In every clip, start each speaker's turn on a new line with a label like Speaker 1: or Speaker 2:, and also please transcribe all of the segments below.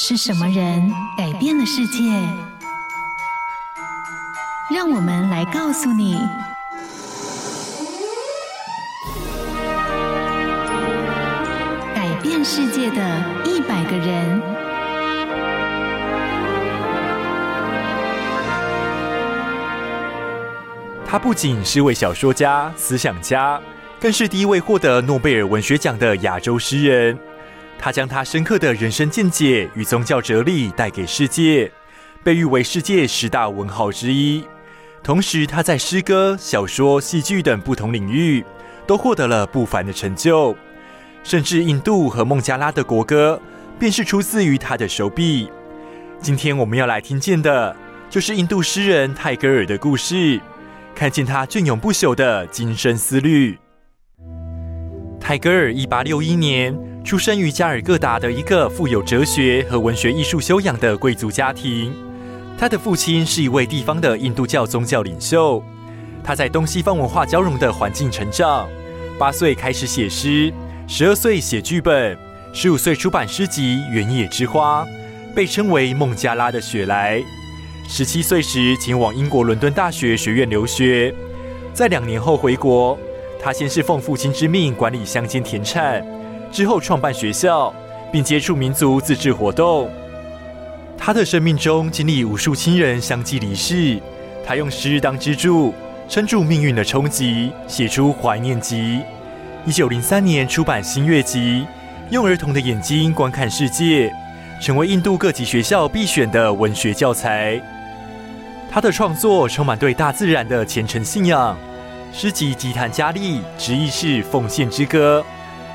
Speaker 1: 是什麼人改變了世界？讓我們來告訴你：改變世界的一百個人。他不僅是位小說家、思想家，更是第一位獲得諾貝爾文學獎的亞洲詩人。他將他深刻的人生見解與宗教哲理帶給世界，被譽為世界十大文豪之一。同時，他在詩歌、小說、戲劇等不同領域都獲得了不凡的成就，甚至印度和孟加拉的國歌便是出自於他的手筆。今天我們要來聽見的就是印度詩人泰戈爾的故事，看見他雋永不朽的精深思慮。泰戈爾，一八六一年。出生於加爾各答的一個富有哲學和文學藝術修養的貴族家庭，他的父親是一位地方的印度教宗教領袖。他在東西方文化交融的環境成長，八歲開始寫詩，十二歲寫劇本，十五歲出版詩集《原野之花》，被稱為孟加拉的雪萊。十七歲時前往英國倫敦大學學院留學，在兩年後回國，他先是奉父親之命管理鄉間田產。之後創辦學校，並接觸民族自治活動。他的生命中經歷無數親人相繼離世，他用詩當支柱，撐住命運的衝擊，寫出《懷念集》。一九零三年出版《新月集》，用兒童的眼睛觀看世界，成為印度各級學校必選的文學教材。他的創作充滿對大自然的虔誠信仰。詩集，集坦加《吉檀迦利》直譯是《奉獻之歌》。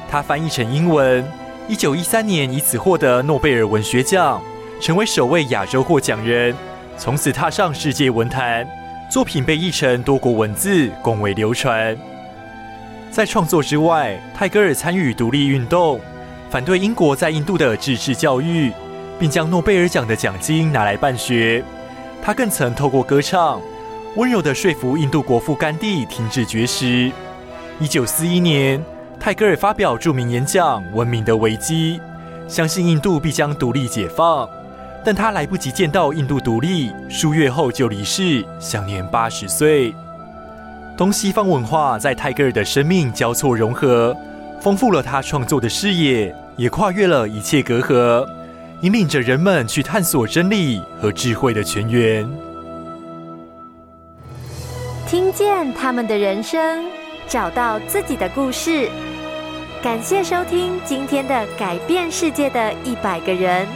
Speaker 1: 他翻譯成英文，一九一三年以此獲得諾貝爾文學獎，成為首位亞洲獲獎人，從此踏上世界文壇，作品被譯成多國文字，廣為流傳。在創作之外，泰戈爾參與獨立運動，反對英國在印度的制式教育，並將諾貝爾獎的獎金拿來辦學。他更曾透過歌唱，溫柔地說服印度國父甘地停止絕食。一九四一年，泰戈爾發表著名演講《文明的危機》，相信印度必將獨立解放，但他來不及見到印度獨立，數月後就離世，享年八十歲。東西方文化在泰戈爾的生命交錯融合，豐富了他創作的視野，也跨越了一切隔閡，引領着人們去探索真理和智慧的泉源。聽見他們的人生，找到自己的故事。感謝收聽今天的《改變世界的一百個人》。